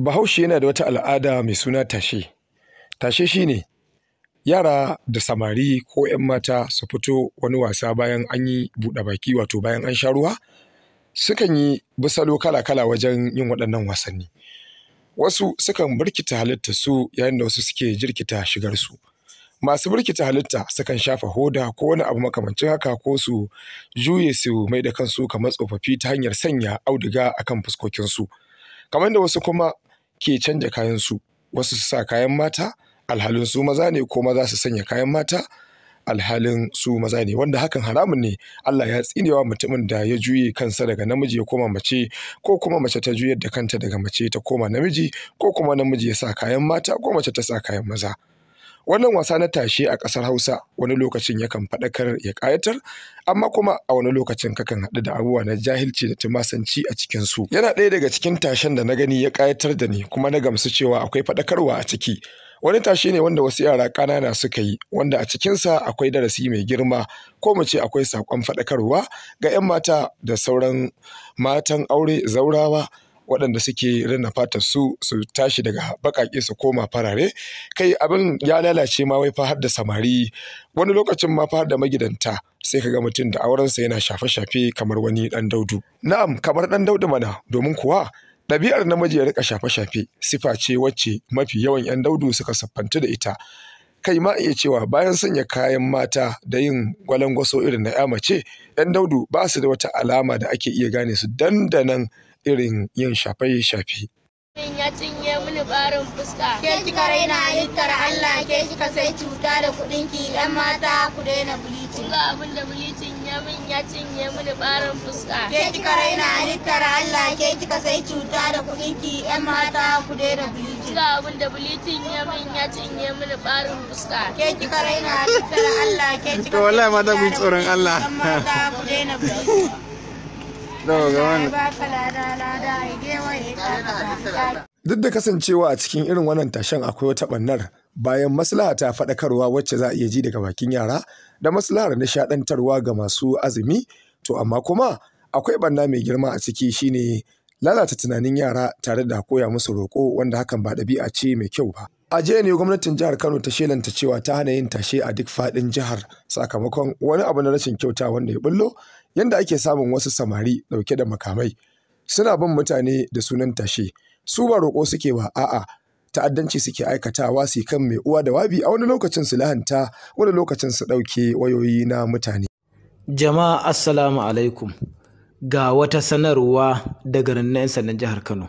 Bahaushe yana da wata al'ada mai suna tashe. Tashe shi ne yara da samari ko 'yan mata su fito wani wasa bayan an yi buɗe baki wato bayan an sha ruwa sukan yi bisalo kala-kala wajen yin waɗannan wasanni. Wasu sukan birkita halitta su yayin da wasu suke jirkita shigar su Masu birkita halitta sukan shafa hoda ko wani abu makamancin haka ko su juye su mai da kansu kamar tsofaffi ta hanyar sanya auduga akan fuskokinsu. kamar da wasu kuma ke canja su? wasu su sa kayan mata alhalin su maza ne ko maza su sanya kayan mata alhalin su maza ne wanda hakan haramun ne Allah ya tsinewa mutumin da ya juye kansa daga namiji ya koma mace ko kuma mace ta juyar da kanta daga mace ta koma namiji ko kuma namiji ya sa kayan mata ko mace ta sa kayan maza Wannan wasa na tashe a ƙasar Hausa wani lokacin yakan faɗakar ya ƙayatar, amma kuma a wani lokacin kakan haɗu da abubuwa na jahilci da tumasanci a cikin su. Yana ɗaya daga cikin tashen da na gani ya ƙayatar da ni kuma na gamsu cewa akwai faɗakarwa a ciki. Wani tashe ne wanda wasu yara ƙanana suka yi, wanda a cikinsa akwai darasi mai girma, ko mu ce akwai saƙon faɗakarwa ga 'yan mata da sauran matan aure zaurawa waɗanda suke rina fatar su su tashi daga baƙaƙe su koma farare kai abin ya lalace ma wai fahar da samari wani lokacin ma fahar da magidanta sai ka ga mutum da aurensa yana shafe-shafe kamar wani ɗan daudu na'am kamar ɗan daudu mana domin kuwa ɗabi'ar namiji ya rika shafe-shafe sifa ce wacce mafi yawan 'yan daudu suka siffantu da ita kai ma iya cewa bayan sanya kayan mata da yin gwalangwaso irin na 'ya mace 'yan daudu ba su da wata alama da ake iya gane su dandanan irin yin shafe-shafe. ya cinye mini barin fuska. Ke kika raina halittar Allah ke kika sai cuta da kuɗin ki ɗan mata ku daina bilicin. Ga abin da bilicin ya min ya cinye mini barin fuska. Ke kika raina halittar Allah ke kika sai cuta da kuɗin ki ɗan mata ku daina bilicin. Ga abin da bilicin ya min ya cinye mini barin fuska. Ke kika raina halittar Allah ke kika sai cuta da kuɗin ki ɗan mata ku daina bilicin. Duk da kasancewa a cikin irin wannan tashen akwai wata ɓannar bayan maslaha ta faɗakarwa wacce za a iya ji daga bakin yara da maslahar nishaɗantarwa ga masu azumi to amma kuma akwai ɓanna mai girma a ciki shine lalata tunanin yara tare da koya musu roƙo wanda hakan ba ɗabi'a ce mai kyau ba. a jiya ne gwamnatin jihar kano ta shelanta cewa ta hana yin tashe a duk faɗin jihar sakamakon wani abu na rashin kyauta wanda ya bullo yadda ake samun wasu samari dauke da makamai suna bin mutane da sunan tashe su ba roƙo suke ba a'a ta'addanci suke aikatawa su kan mai uwa da wabi a wani lokacin su lahanta wani lokacin su ɗauke wayoyi na mutane. jama'a assalamu alaikum ga wata sanarwa daga rundunar 'yan na jihar kano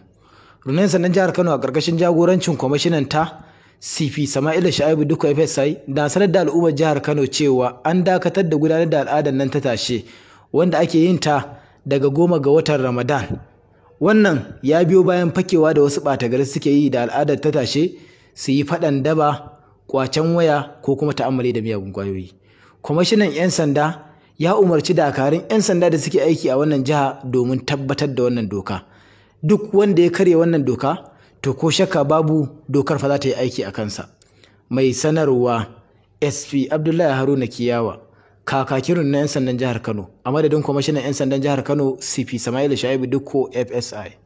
rundunar 'yan jihar kano a ƙarƙashin jagorancin kwamishinan ta CP Sama'ila Sha'ibu duka FSI da sanar da al'ummar jihar Kano cewa an dakatar da gudanar da al'adar nan ta tashe wanda ake yin ta daga goma ga watan Ramadan. Wannan ya biyo bayan fakewa da wasu ɓata gari suke yi da al'adar ta tashe su yi faɗan daba, kwacen waya ko kuma ta'amali da miyagun ƙwayoyi. Kwamishinan 'yan sanda ya umarci dakarun 'yan sanda da suke aiki a wannan jiha domin tabbatar da wannan doka. Duk wanda ya karya wannan doka to ko shakka babu dokar fa za ta yi aiki a kansa mai sanarwa sp abdullahi haruna kiyawa kakakirin na 'yan sandan jihar kano a madadin kwamishinan 'yan sandan jihar kano cp samaila shaibu ko fsi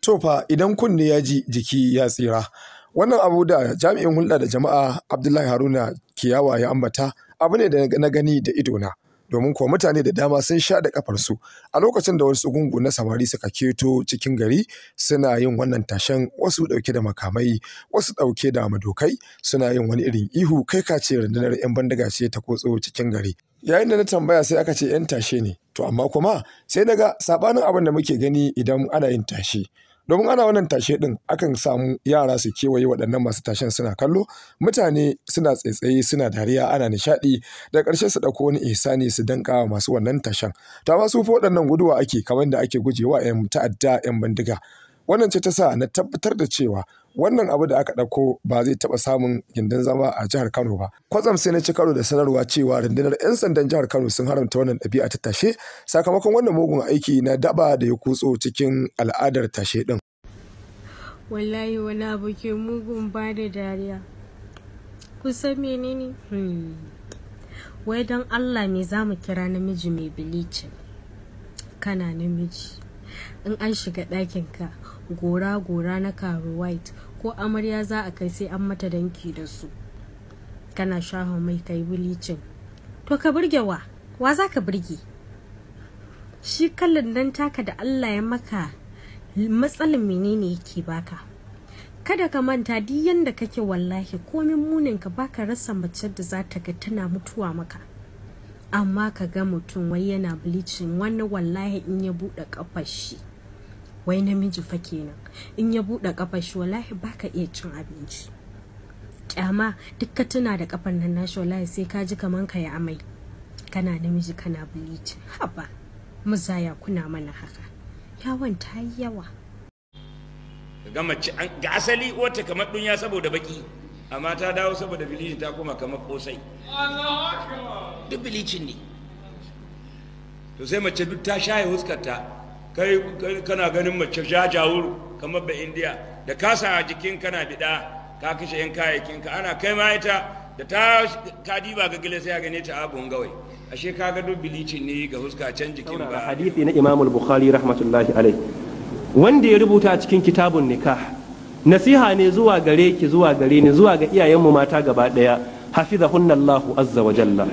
to idan kunne ya ji jiki ya tsira wannan abu da jami'in hulɗa da jama'a abdullahi haruna kiyawa ya ambata abu ne da na gani da idona domin kuwa mutane da dama sun sha da kafarsu a lokacin da wasu gungu na samari suka keto cikin gari suna yin wannan tashen wasu dauke da makamai wasu dauke da madokai suna yin wani irin ihu kai ka ce rundunar yan bandaga ce ta kotso cikin gari yayin da na tambaya sai aka ce yan tashe ne to amma kuma sai daga sabanin abin da muke gani idan ana yin tashe domin ana wannan tashe din akan samu yara su kewaye waɗannan masu tashen suna kallo mutane suna tsaitsaye suna dariya ana nishaɗi da ƙarshe su ɗauko wani ihsani su danka wa masu wannan tashen ta ma su fa waɗannan guduwa ake kamar da ake gujewa 'yan ta'adda 'yan bindiga wannan ce ta sa na tabbatar da cewa wannan abu da aka ɗauko ba zai taɓa samun gindin zama a jihar Kano ba. Kwatsam sai na ci karo da sanarwa cewa rundunar 'yan sandan jihar Kano sun haramta wannan ɗabi'a ta tashe sakamakon wannan mugun aiki na daba da ya kutso cikin al'adar tashe ɗin. Wallahi wani abu ke mugun ba da dariya. Kusan menene? Hmm. Wai don Allah me za mu kira namiji mai bilici Kana namiji. In an shiga ɗakinka, gora-gora na karo white ko amarya za a kai sai an mata danki da su kana shaho mai kai bilicin to ka burge wa wa za ka burge shi kallon dan taka da allah ya maka matsalin menene yake baka kada ka manta duk yanda kake wallahi komin munin ka baka rasa mace da za ta ga tana mutuwa maka amma ka ga mutum wai yana bilicin wani wallahi in ya buɗe ƙafar shi wai namiji fa kenan in ya buɗe kafar shi wallahi baka iya cin abinci kyama duk ka tuna da ƙafar nan na wallahi sai ka ji kaman ka ya amai kana namiji kana bleach haba muzaya kuna mana haka yawon ta yi yawa ga mace ga asali wata kamar dunya saboda baki amma ta dawo saboda bilicin ta koma kamar kosai duk bilicin ne to sai mace duk ta shaye huskarta kai kana ganin mace jajawur kamar ba indiya da ka sa a jikin kana bida ka kashe yan kayayyakin ka ana kai ma ita da ta kadi ba ga gile sai gane ta abun gawai ashe ka ga bilicin ne ga huska can jikin ba hadisi na imamul bukhari rahmatullahi alai wanda ya rubuta a cikin kitabun nikah nasiha ne zuwa gare ki zuwa gare ni zuwa ga iyayenmu mata gaba daya hafizahunna Allahu azza wa jalla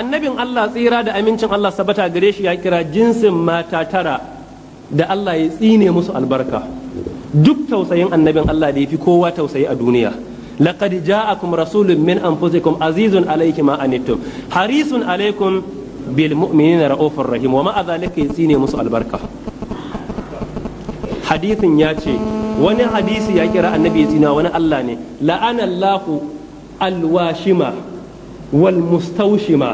annabin Allah tsira da amincin Allah sabata gare shi ya kira jinsin mata tara da Allah ya tsine musu albarka duk tausayin annabin Allah da ya fi kowa tausayi a duniya laqad ja'akum rasulun min anfusikum azizun alayhi ma anittum harisun alaykum bil mu'minina ra'ufur rahim wa ma zalika yatsine musu albarka hadithin ya ce wani hadisi ya kira annabi ya tsina wani Allah ne la'anallahu alwashima والمستوشمة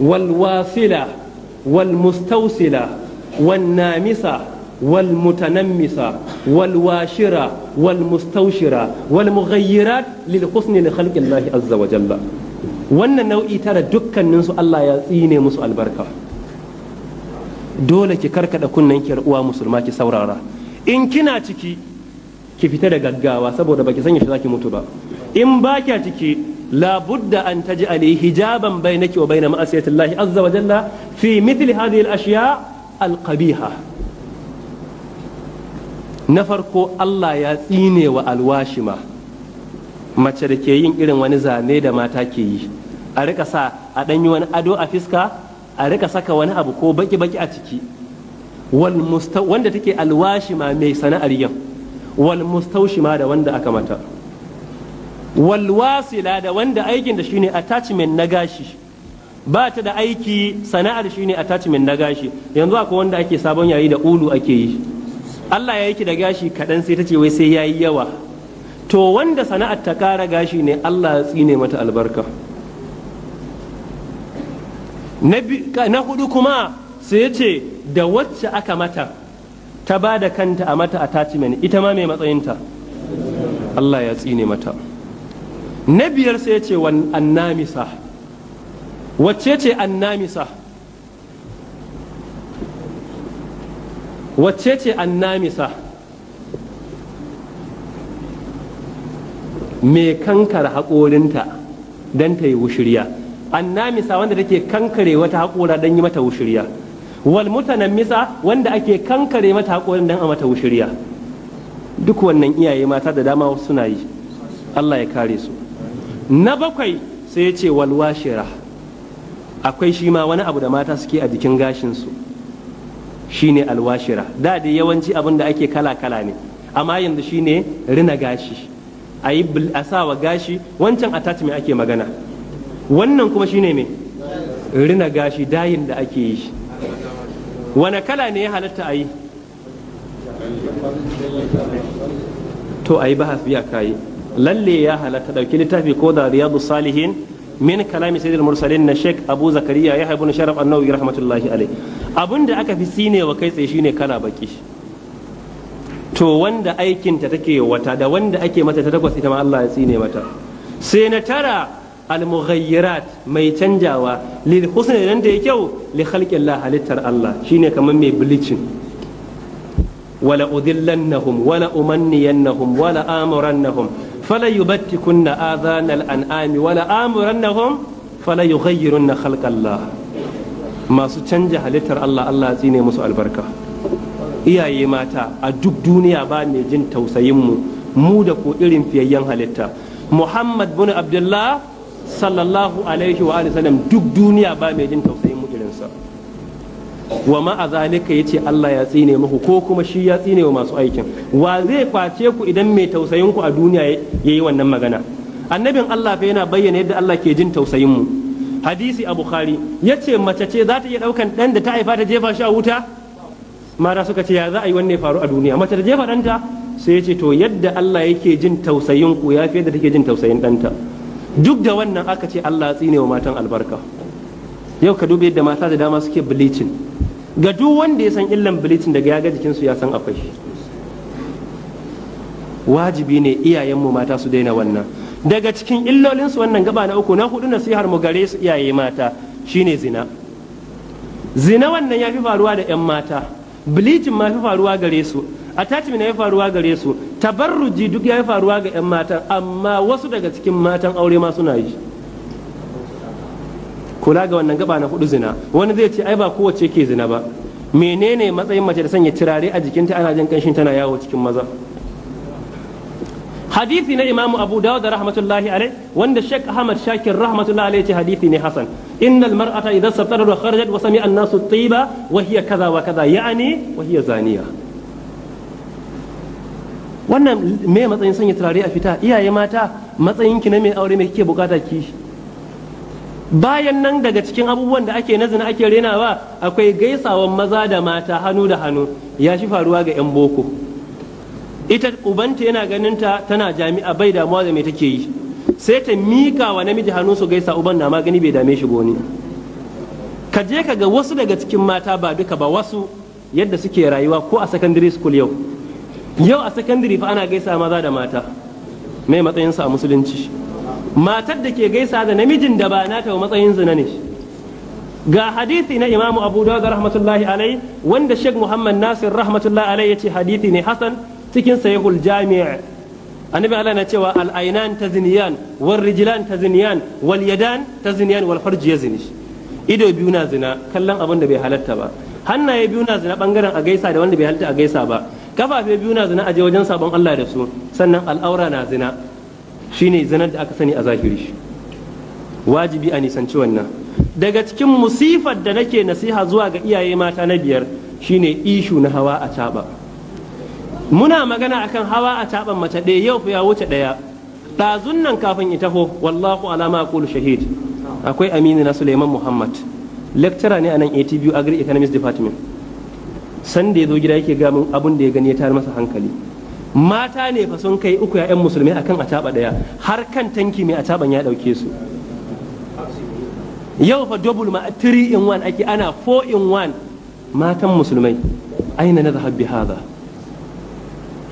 والواصلة والمستوصلة والنامسة والمتنمسة والواشرة والمستوشرة والمغيرات للحسن لخلق الله عز وجل wannan nau'i tara dukkaninsu Allah ya tsine musu albarka dole ki karkada kunnen ki uwa musulma ki saurara in kina ciki ki fita da gaggawa saboda baki san za zaki mutu ba in baki ciki la budda an taj'ali hijaban bainaki wa bain ma'asiyati Allah azza wa jalla fi mithli hadhihi al-ashya al-qabiha na farko Allah ya tsine wa alwashima mace da ke yin irin wani zane da mata ke yi a rika sa a ɗanyi wani ado a fiska a rika saka wani abu ko baki-baki a ciki wanda take alwashima mai sana'ar yau walmustaushima da wanda aka mata walwasila da wanda aikin da shine attachment na gashi ba ta da aiki sana'ar shine attachment na gashi yanzu akwai wanda ake sabon yayi da ulu ake yi Allah ya yake da gashi kaɗan sai ta ce wai sai yayi yawa to wanda sana'ar ta kara gashi ne Allah ya tsine mata albarka na hudu kuma sai ce da wacce aka mata ta ba da kanta a mata attachment ita ma mai matsayinta Allah ya tsine mata na biyar sai ya ce wa annamisa wacce ce annamisa wacce ce annamisa mai kankar haƙorinta don ta yi wushirya annamisa wanda take kankare wata haƙora don yi mata wushirya wal misa wanda ake kankare mata haƙorin don a mata wushirya duk wannan iyaye mata da dama suna yi Allah ya kare su na bakwai sai ya ce walwashira akwai shi ma wani abu da mata suke a jikin gashinsu shine alwashira da da yawanci abin da ake kala-kala ne amma yanzu shine rina gashi a yi asawa gashi wancan a tatimi ake magana wannan kuma shine me rina gashi dayin da ake yi wane kala ne ya halatta a yi to a yi bahas biya kayi lalle ya halatta dauki littafi ko da riyadu salihin min kalami sayyidul mursalin na sheikh abu zakariya ya haibu na sharaf annawi rahmatullahi alai abin da aka fi sine wa kai tsaye shine kana baki to wanda aikinta take wata da wanda ake mata ta takwas ita ma Allah ya tsine mata sai na tara almughayyirat mai canjawa lil husni dan da ya kyau li khalqillah halittar Allah shine kamar mai bleaching wala udillannahum wala umanniyannahum wala amurannahum fala yubattikunna adhanal an'ami wala amurannahum fala yughayyirunna khalqallah masu canja halittar Allah Allah tsine musu albarka iyaye mata a duk duniya ba ne jin tausayin mu mu da ku irin fiyayyen halitta Muhammad bin Abdullah sallallahu alaihi wa sallam duk duniya ba mai jin tausayin mu irinsa wa ma'a zalika yace Allah ya tsine muku ko kuma shi ya tsine wa masu aikin wa zai kwace ku idan mai tausayin ku a duniya yayi wannan magana annabin Allah fa yana bayyana yadda Allah ke jin tausayin mu hadisi a bukhari yace mace ce za ta iya daukan dan da ta haifa ta jefa shi a wuta mara suka ce ya za a yi wanne faru a duniya mace ta jefa danta sai ya ce to yadda Allah yake jin tausayin ku ya fi yadda take jin tausayin danta duk da wannan aka ce Allah ya tsine wa matan albarka yau ka dubi yadda mata da dama suke bleaching ga duk wanda ya san illan bilicin daga ya ga jikinsu ya san akwai wajibi ne iyayenmu mata su daina wannan daga cikin illolinsu wannan gaba na uku na hudu nasihar mu gare su iyaye mata shine zina zina wannan ya fi faruwa da 'yan mata bilicin ma fi faruwa gare su attachment ya fi faruwa gare su tabarruji duk ya fi faruwa ga 'yan matan amma wasu daga cikin matan aure ma suna yi kula ga wannan gaba na hudu zina wani zai ce ai ba kowace ke zina ba menene matsayin mace da sanya turare a jikinta ana jin kanshin tana yawo cikin maza hadisi na imamu abu dawud da rahmatullahi alai wanda shek ahmad shakir rahmatullahi alai ce hadisi ne hasan innal mar'ata idan sabtara da kharajat wa sami'a an-nasu tayyiba wa hiya kaza wa kaza ya'ani wa hiya zaniya wannan me matsayin sanya turare a fita iyaye mata matsayin ki na mai aure me kike bukata ki bayan nan daga cikin abubuwan da ake nazina ake renawa akwai gaisawan maza da mata hannu da hannu ya shi faruwa ga 'yan boko ita ubanta yana ganin ta tana jami'a bai damuwa da me take yi sai ta mika wa namiji hannu su gaisa uban na magani bai dame shi goni ka je ka ga wasu daga cikin mata ba duka ba wasu yadda suke rayuwa ko a secondary school yau yau a secondary fa ana gaisa maza da mata mai matsayinsa a musulunci matar da ke gaisa da namijin da ba nata wa matsayin zina ne ga hadisi na imamu abu dawud rahmatullahi alai wanda sheikh muhammad nasir rahmatullahi alai yace hadisi ne hasan cikin sahihul jami' annabi Allah na cewa al ainan tazniyan wal rijlan tazniyan wal yadan tazniyan wal farj yazni ido biyu na zina kallon abin da bai halatta ba hannaye biyu na zina bangaren a gaisa da wanda bai halatta a gaisa ba kafafe biyu na zina a je wajen sabon Allah da su sannan al'aura na zina shine zanar da aka sani a zahiri wajibi a nisanci wannan daga cikin musifar da nake nasiha zuwa ga iyaye mata na biyar shine ishu na hawa a taba muna magana akan hawa a taban mace ɗaya yau ya wuce ɗaya ɗazun nan kafin ya taho wallahu alama kulu shahid akwai aminu na suleiman muhammad lecturer ne a nan atbu agri economics department sanda ya zo gida yake gamin abin da ya gani ya tayar masa hankali mata ne fa sun kai uku ya'yan musulmi akan taba daya har kan tanki mai taban ya dauke su yau fa double ma 3 in 1 ake ana 4 in 1 matan musulmai aina na bi hada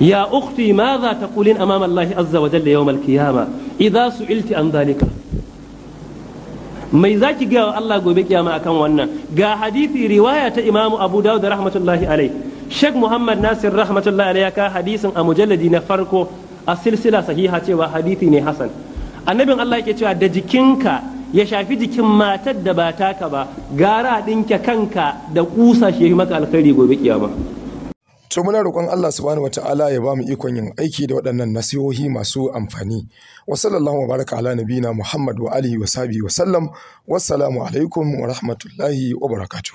ya ukhti ta kulin amama Allah azza wa jalla yawm al-qiyama idha su'ilti an dhalika mai zaki ga Allah gobe kiyama akan wannan ga hadisi riwaya ta imamu Abu Dawud rahmatullahi alaihi Sheikh Muhammad Nasir rahmatullahi alayhi ka hadisin a mujalladi na farko a silsila sahiha cewa hadisi ne hasan annabin Allah yake cewa da jikinka ya shafi jikin matar da ba ta ka ba gara dinke kanka da kusa shi maka alkhairi gobe kiyama to muna roƙon Allah subhanahu wataala ya ba mu ikon yin aiki da waɗannan nasihohi masu amfani wa sallallahu baraka ala nabiyina Muhammad wa alihi wa sahbihi wa sallam wassalamu alaikum wa rahmatullahi wa barakatuh